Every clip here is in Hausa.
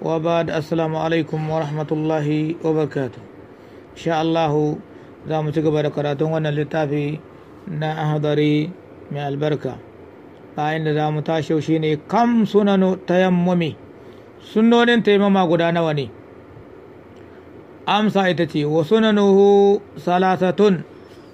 da السلام alaikum wa rahmatullahi wa barakatuh Sha Allah za mu ci gaba da karatun wannan littafi na ahdari mai albarka bayan da za mu tashi shi ne kam sunanu tayammumi sunnonin taimama guda nawa ne amsa ita ce wa sunanuhu salasatun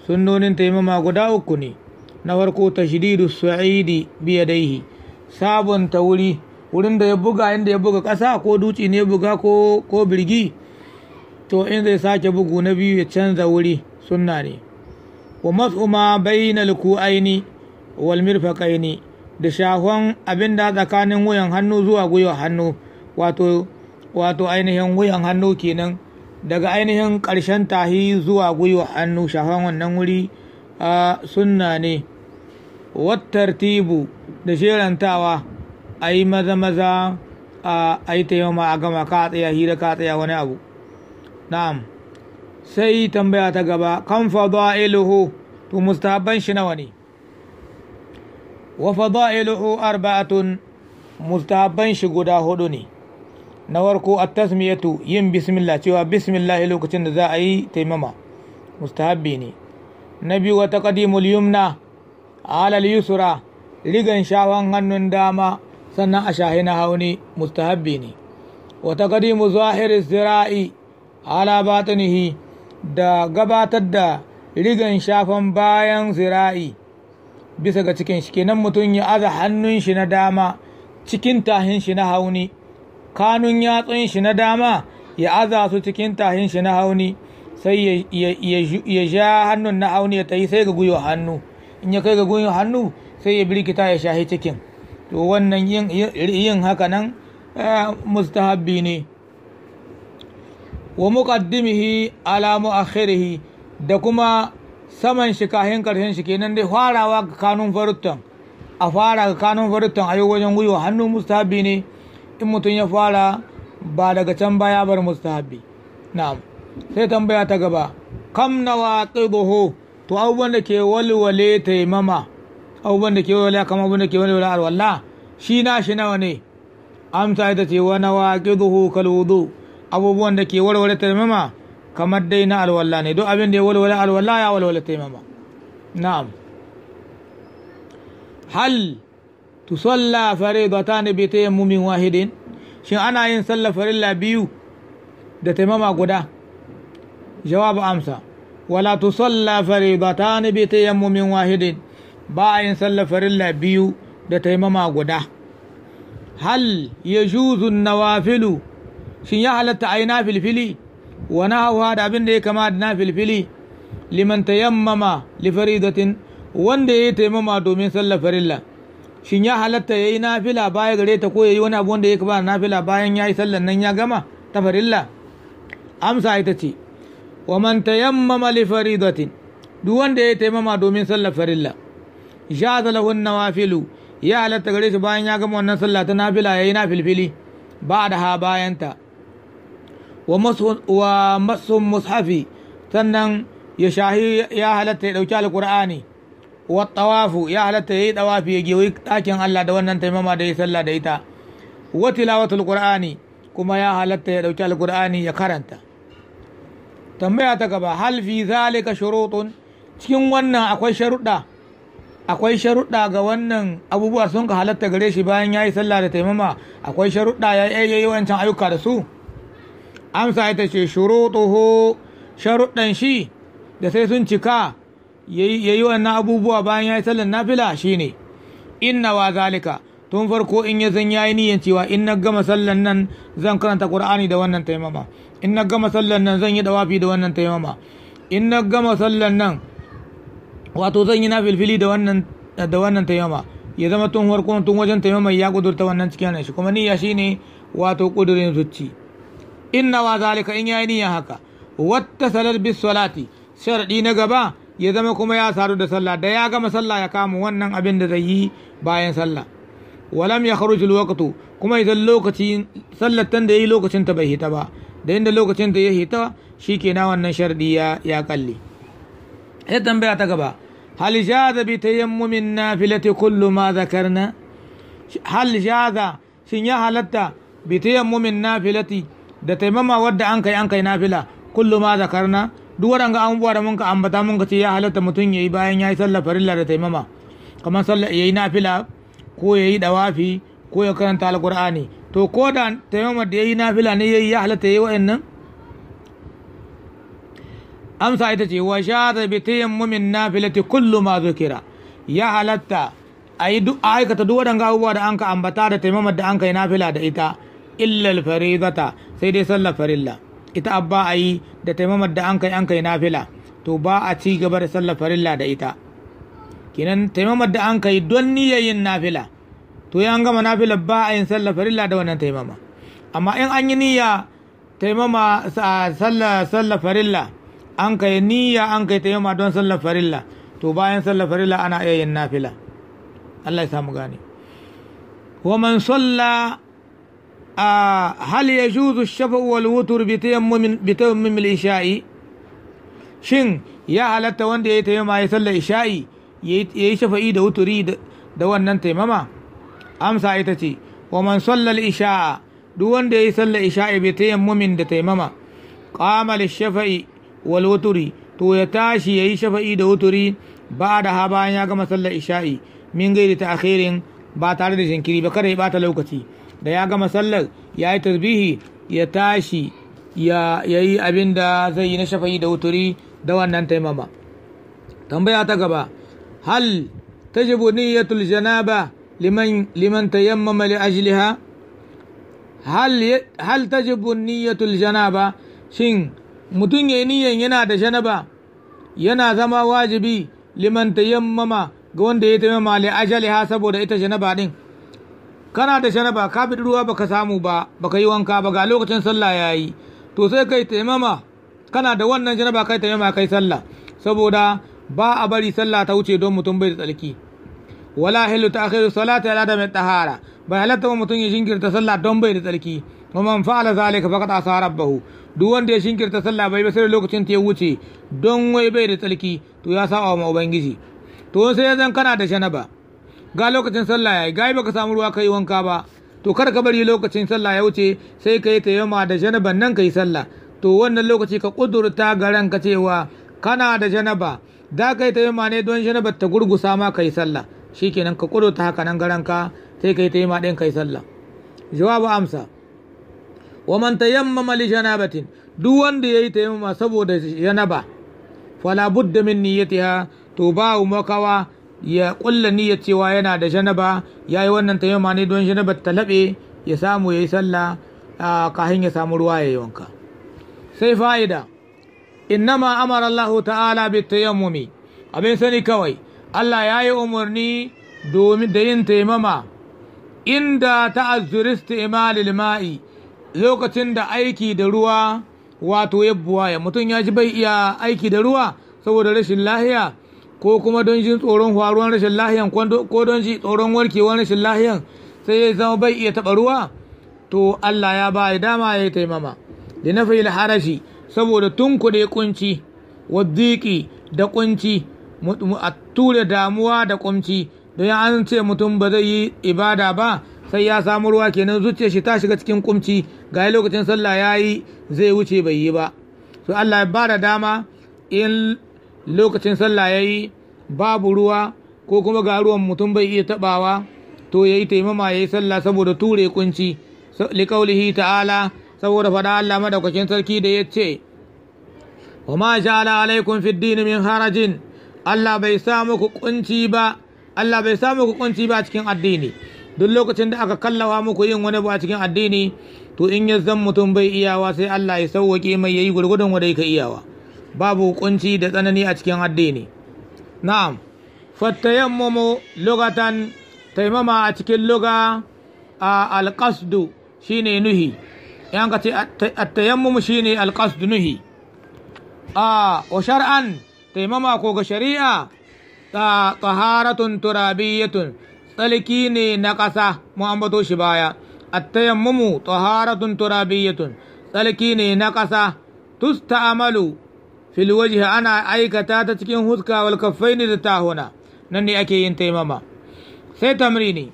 sunnonin taimama guda uku ne na farko tashdidu su'idi biyadaihi sabunta wuri wurin da ya buga inda ya buga ƙasa ko duci ne buga ko birgi to in zai sake bugu na biyu ya canza wuri sunna ne wa mas'uma bainal aini wal mirfaqaini da shahon abin da tsakanin wuyan hannu zuwa gwiwa hannu wato ainihin wuyan hannu kenan daga ainihin ƙarshen tahi zuwa gwiwa hannu shahon wannan wuri a sunna ne tartibu da shirantawa a yi maza maza a yi taimama a gama ka tsaya hira ka tsaya wani abu na'am sai tambaya ta gaba kan iluhu to mustahabban shi nawa ne wa iluhu arba'atun mustahabban shi guda hudu ne na warko at-tasmiyatu yin bismillah cewa bismillah lokacin da za a yi taimama mustahabbi ne na biyu wata taqdimul yumna ala al-yusra rigan shawon hannun dama sannan a shahi na hauni mustahabbi ne wa taqdimu zahiri zira'i ala da gabatar da rigan shafan bayan zira'i bisa ga cikin shi kenan mutum ya aza hannun shi na dama cikin tahin shi na hauni kanun yatsun shi na dama ya aza su cikin tahin shi na hauni sai ya sha hannun na hauni ya ta sai ga gwiwa hannu in ya kai ga gwiwa hannu sai ya birkita ya shahi cikin to wannan yin haka nan eh, mustahabbi ne wa muqaddimihi ala mu'akhirihi da kuma saman shi kahin karshen shi kenan dai farawa ga kanun farutan a fara ga kanun farutan a wajen gwiwa "Hannu mustahabbi ne in mutum ya fara ba daga can baya bar mustahabbi na'am sai tambaya ta gaba kam na waƙi to abubuwan da ke walwale taimama abubuwan da ke walwala kamar abubuwan da ke wala alwala shi na shi nawa ne amsa ita ce wa ake qiduhu kal abubuwan da ke walwala taimama kamar dai na alwala ne duk abin da ya walwala alwala ya walwala taimama na'am hal ta faridatan bi tayammumin wahidin shin ana yin sallar farilla biyu da taimama guda jawabu amsa wala ta faridatan bi tayammumin wahidin ba a yin sallar farilla biyu da taimama guda hal ya juzun nawafilu shin ya halatta a yi na filfili wa na da abin da ya kama da na filfili liman tayammama li faridatin wanda ya yi taimama domin sallar farilla shin ya halatta ya yi fila baya gare ta ko ya yi wani abu wanda ya kama da fila bayan ya yi sallar nan ya gama ta farilla amsa ita ce wa man tayammama li faridatin duk wanda ya yi taimama domin sallar farilla jaza lahun nawafilu ya halatta gare bayan ya gama wannan sallah filaya nafila yayi na filfili ba da ha bayanta wa masu mushafi sannan ya ya halatta ya dauki alqur'ani wa tawafu ya halatta yayi tawafi ya gewayi ɗakin Allah da wannan taimama da yi sallah da ita wa tilawatul qur'ani kuma ya halatta ya dauki alqur'ani ya karanta tambaya ta gaba hal fi zalika shurutun cikin wannan akwai sharuɗa akwai sharuɗa ga wannan abubuwa sun ka halatta gare shi bayan ya yi sallah da taimama akwai sharuɗa ya yi wancan ayyuka da su amsa ita ce shuruɗuhu sharuɗan shi da sai sun cika ya yi wannan abubuwa bayan ya yi sallar nafila shine inna wa zalika tun farko in ya zan yayi niyan cewa in na gama sallan nan zan karanta qur'ani da wannan taimama in na gama sallan nan zan yi dawafi da wannan taimama in na gama sallan nan wato zan yi na filfili da wannan da wannan taimama ya zama tun farko tun wajen taimama ya kudurta wannan cikin shi kuma niyya shine wato kudurin zuci inna wa zalika in yayi niyya haka wata salar bis salati sharadi na gaba ya zama kuma ya saru da sallah da ya gama sallah ya kama wannan abin da zai yi bayan sallah walam ya kharuj waqtu kuma idan lokaci sallar tan da yayi lokacin ta bai hita ba da inda lokacin da ya hita shikenan wannan sharadi ya ya kalle sai tambaya ta gaba هل جاز بتيمم النافلة كل ما ذكرنا هل جاز شن da taimama wadda an kai an kai nafila kullu ma zakarna ka ambata mun ka ce ya halatta mutum yayi bayan yayi sallar farilla da taimama kamar sallar yayi nafila ko yayi dawafi ko ya karanta alqur'ani to koda da taimama da yayi nafila ne yayi ya halatta yayi wa'annan amsa ita ce wa sha shata bi na nafilati kullu ma kira ya halatta a yi aikata duk waɗanda abubuwa da an ka ambata da taimamar da an ka yi nafila da ita illal fari zata sai dai sallar farilla ita abba a yi da taimamar da an kai an kai nafila to ba a ci gaba da sallar farilla da ita kinan taimamar da an kai don niyyayin nafila to ya gama nafila ba a yin sallar farilla da wannan taimama amma in an yi niyya taimama sallar farilla an kai niyya an kai taimama don sallar farilla to bayan sallar farilla ana iya yin nafila Allah ya samu gane wa man salla a hal yajuzu shafa wal wutur bi tayammum al isha'i shin ya halatta wanda ya yi taimama ya sallar isha'i Ya yi shafa'i da wuturi da wannan taimama amsa ita ce wa man salla al isha'a duk wanda ya yi sallar isha'i bi tayammumin da taimama qama lishafa'i walwuturi to ya tashi ya yi shafa'i da wuturi ba da ha bayan ya gama sallar isha'i min gairi ta akhirin ba tare da jinkiri ba kada ya bata lokaci da ya gama sallar ya yi tasbihi ya tashi ya yi abin da zai yi na shafa'i da wuturi da wannan taimama tambaya ta gaba hal tajibu niyyatul janaba liman liman tayammama li ajliha hal hal tajibu niyyatul janaba shin mutum ya yi niyan yana da janaba yana zama wajibi liman yammama ga wanda ya taimama li ha saboda ita janaba din kana da janaba ka bi ruwa baka samu ba baka yi wanka ba ga lokacin sallah yayi to sai kai taimama kana da wannan janaba kai taimama kai sallah saboda ba a bari sallah ta wuce don mutum bai da tsalki wala hilu ta akhiru salata ala da mai tahara bai halatta mutum ya jingirta sallah don bai da tsalki wa man fa'ala zalika faqad asa rabbahu duk wanda ya shinkirta sallah bai sai lokacin ta ya wuce don wai bai da tsarki to ya sa wa ubangiji to sai zan kana da shanaba ga lokacin sallah yayi ga baka samu ruwa kai wanka ba to kar ka bari lokacin sallah ya wuce sai kai tayammuma da shanaban nan kai sallah to wannan lokaci ka kudurta ga ranka cewa kana da janaba da kai tayammuma ne don janaba ta gurgusa ma kai sallah shikenan ka kudurta haka nan garanka ka sai kai tayammuma din kai sallah jawabu amsa wa man tayammama li janabatin duk wanda yayi tayammama saboda janaba fala budda min niyyatiha to ba makawa ya kulla niyyar cewa yana da janaba yayi wannan tayammama ne don janaba ta ya samu yayi sallah kahin ya samu ruwa yayi wanka sai fa'ida innama amara Allah ta'ala bi tayammumi abin sani kawai Allah ya yi umarni domin da yin taimama inda ta'azzuristi imalil ma'i lokacin da aiki da ruwa wato ya mutum ya ji bai iya aiki da ruwa saboda rashin lahiya ko kuma don jin tsoron faruwan rashin lahiyan ko don ji tsoron warkewar rashin lahiyan sai ya zama bai iya taɓa ruwa to Allah ya ba ya dama ya yi taimama da na fahimta harashi saboda tun kuɗe kunci waddiki da kunci a ture damuwa da kunci don an ce mutum ba zai yi ibada ba sai ya samu ruwa kenan zuciyar shi ta shiga cikin kumci ga lokacin sallah ya yi zai wuce bai yi ba so Allah ya bada dama in lokacin sallah ya yi babu ruwa ko kuma ga ruwan mutum bai iya tabawa to ya yi taimama ya yi sallah saboda ture kunci likaulihi ta'ala saboda fada Allah madaukakin sarki da ya ce wa ma ja'ala alaikum fid din min harajin Allah bai sa muku kunci ba Allah bai sa muku kunci ba cikin addini duk lokacin da aka kallawa muku yin wani ba cikin addini to in ya zan mutum bai iyawa sai Allah ya sauwaƙe mai yayi gurgudun wanda yake iyawa babu kunci da tsanani a cikin addini na'am fattayammamu lugatan taimama a cikin luga a alqasdu shine nuhi yan ka ce shi shine alqasdu nuhi a wa shar'an taimama ko ga shari'a ta taharatun turabiyyatun tsalki ne na ƙasa mu ambato shi baya attayammumu taharatun turabiyyatun tsalki ne na ƙasa tusta'malu fil wajhi ana aikata ta cikin huska wal kaffaini da tahuna nan ne ake yin taimama sai tamrini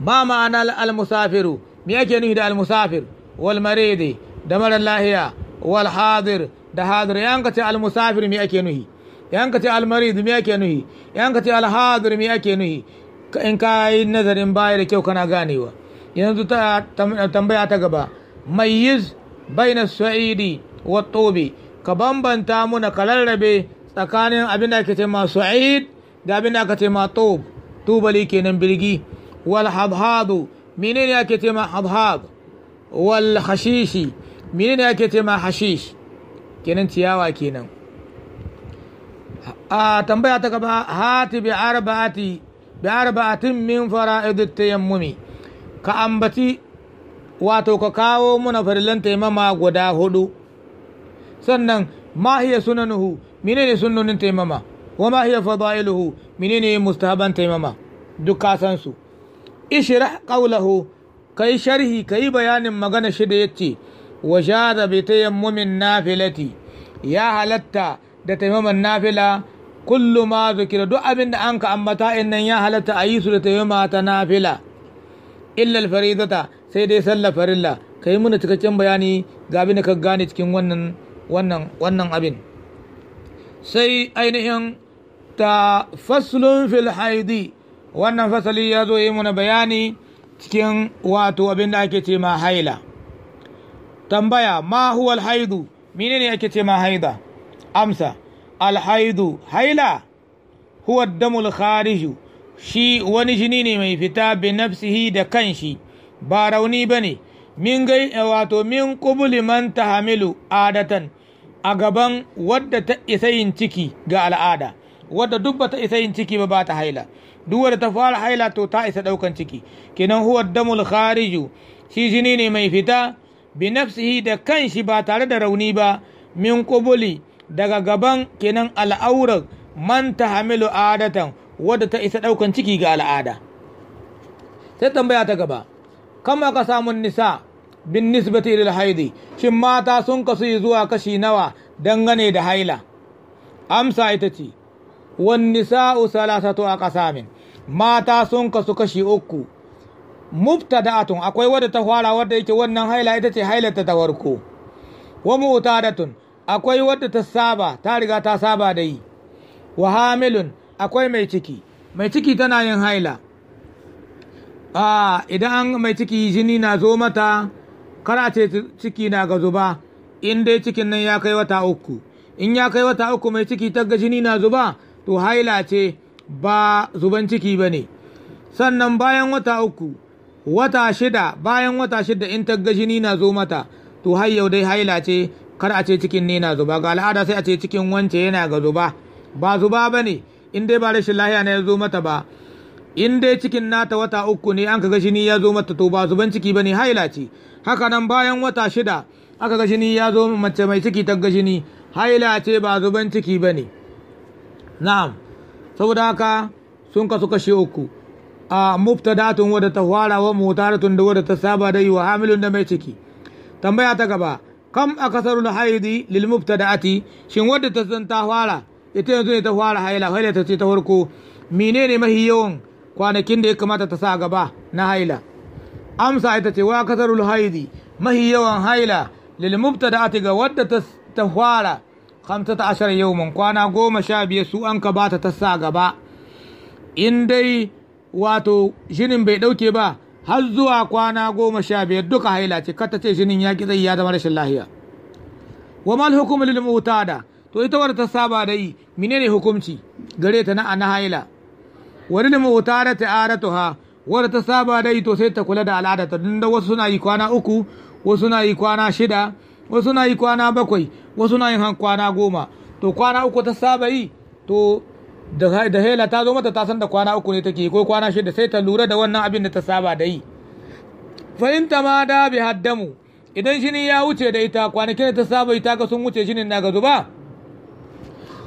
ba ma'ana al musafiru me ake nufi da al musafir wal maridi da mara lahiya wal hadir da hadir yanka ce al musafir me ake nufi yan ka ce almarid me yake nuhi yan ka ce alhadir me yake nuhi in ka yi nazarin baya da kyau kana ganewa yanzu ta tambaya ta gaba mayyiz baina su'idi wa tobe ka bambanta muna ka rarrabe tsakanin abin da ake ce ma su'id da abin da aka ce ma tob tubali kenan birgi wal habhadu menene ake ce ma habhad wal hashishi menene ake ce ma hashish kenan ciyawa kenan a tambaya ta gaba hati bi arba'ati bi arba'atin min fara'idut tayammumi ka ambaci wato ka kawo muna farillan taimama guda hudu sannan ma hiya sunanuhu menene sunnonin taimama wa ma hiya fadailuhu menene mustahaban taimama duk ka san su ishrah qawlahu kai sharhi kai bayanin magana shi da yace wa ta bi tayammumin nafilati ya halatta da taimaman nafila kullu ma zukira duk abin da an ka ambata in nan ya halatta a yi su da taimama ta nafila illal faridata sai dai sallah farilla ka yi muna cikakken bayani ga abin da ka gane cikin wannan abin sai ainihin ta faslun fil haidi wannan fasali ya zo yi muna bayani cikin wato abin da ake ce ma haila tambaya ma huwa haidu menene ake ce ma haida amsa alhaidu haila huwa damul shi wani jini ne mai fita bi nafsihi da kanshi ba rauni ba ne min gai wato min kubuli man Hamilu adatan a gaban wadda ta isa yin ciki ga al'ada wadda duk ba ta isa yin ciki ba ba ta haila duk wadda ta fara haila to ta isa daukan ciki kenan huwa damul shi jini ne mai fita bi nafsihi da kanshi ba tare da rauni ba min kubuli daga gaban kenan al'aurar man ta hamilu adatan wadda ta isa ɗaukan ciki ga al'ada sai tambaya ta gaba kama ka samun nisa bin nisbati lil haidi shin mata sun kasu zuwa kashi nawa dangane da haila amsa ita ce wan a ƙasa min. mata sun kasu kashi uku da atun akwai wadda ta fara wadda yake wannan haila ita ce hailata ta farko wa tun. akwai wadda ta saba ta riga ta saba da yi wa hamilun akwai mai ciki mai ciki tana yin haila idan mai ciki jini na zo mata kara ce ciki na ga zuba in dai cikin nan ya kai wata uku in ya kai wata uku mai ciki ta ga jini na zuba to haila ce ba zuban ciki ba ne sannan bayan wata uku wata shida bayan wata shida in ta ga jini na zo mata to har yau dai haila ce kar a ce cikin ni na zuba ga al'ada sai a ce cikin wance yana ga zuba ba zuba ba ne in dai ba rashin lahiya na ya zo mata ba in dai cikin nata wata uku ne an kaga shini ya zo mata to ba zuban ciki ba ne. haila ce haka nan bayan wata shida aka ga shini ya zo mace mai ciki ta ga shini haila ce ba zuban ciki ba ne. na'am saboda haka sun kasu kashe uku a muftadatun wadda ta fara wa mutaratun da wadda ta saba da yi wa hamilun da mai ciki tambaya ta gaba kam akasarul haidi lil mubtada'ati shin wadda ta san ta fara ita yanzu ne ta fara haila haila ta ce ta farko menene mahi yawan kwanakin da ya kamata ta sa gaba na haila amsa ita ce wa kasarul haidi mahi yawan haila lil mubtada'ati ga wadda ta ta fara 15 yawman kwana goma sha biyar su an ka bata ta sa gaba in dai wato shinin bai dauke ba har zuwa kwana goma sha biyar duka haila ce kata ce shinin ya ki zai ya zama rashin lahiya wa mal hukumu lil mutada to ita wadda ta saba da yi menene hukunci gare ta na ana haila wa lil mutada ta'aratuha wadda ta saba da yi to sai ta kula da al'ada ta da wasu suna yi kwana uku wasu suna yi kwana shida wasu suna yi kwana bakwai wasu suna yin kwana goma to kwana uku ta saba yi to da hela ta zo mata ta san da kwana uku ne take ko kwana shida sai ta lura da wannan abin da ta saba da yi fahimta ma da bi haddamu idan shini ya wuce da ita kwanakin da ta saba ita ga sun wuce shinin na gazu ba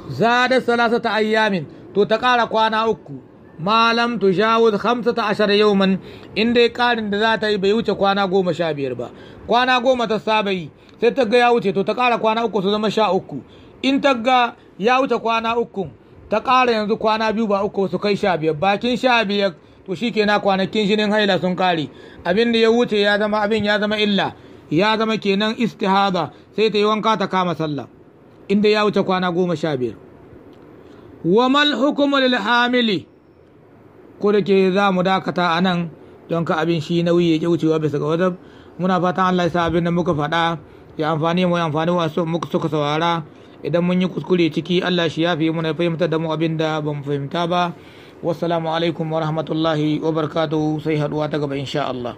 za da salasa ta ayyamin to ta ƙara kwana uku malam tu shawuz hamsa ta ashar yawman in dai karin da za ta yi bai wuce kwana goma sha biyar ba kwana goma ta saba yi sai ta ga ya wuce to ta ƙara kwana uku su zama sha uku in ta ga ya wuce kwana uku ta ƙara yanzu kwana biyu ba uku su kai sha biyar bakin sha biyar to shi kenan kwanakin jinin haila sun ƙare abin da ya wuce ya zama abin ya zama illa ya zama kenan istihada sai ta yi wanka ta kama sallah inda ya wuce kwana goma sha biyar wa mal hukumul hamili ko da ke za mu dakata a nan don ka abin shi nauyi ya wucewa bisa ga wajen muna fatan Allah ya sa abin da muka faɗa ya amfani mu ya amfani wasu muka suka saurara idan mun yi kuskure ciki Allah shi ya mu na fahimtar da mu abin da ba mu fahimta ba wassalamu alaikum wa rahmatullahi wa barakatuhu sai haduwa ta gaba insha Allah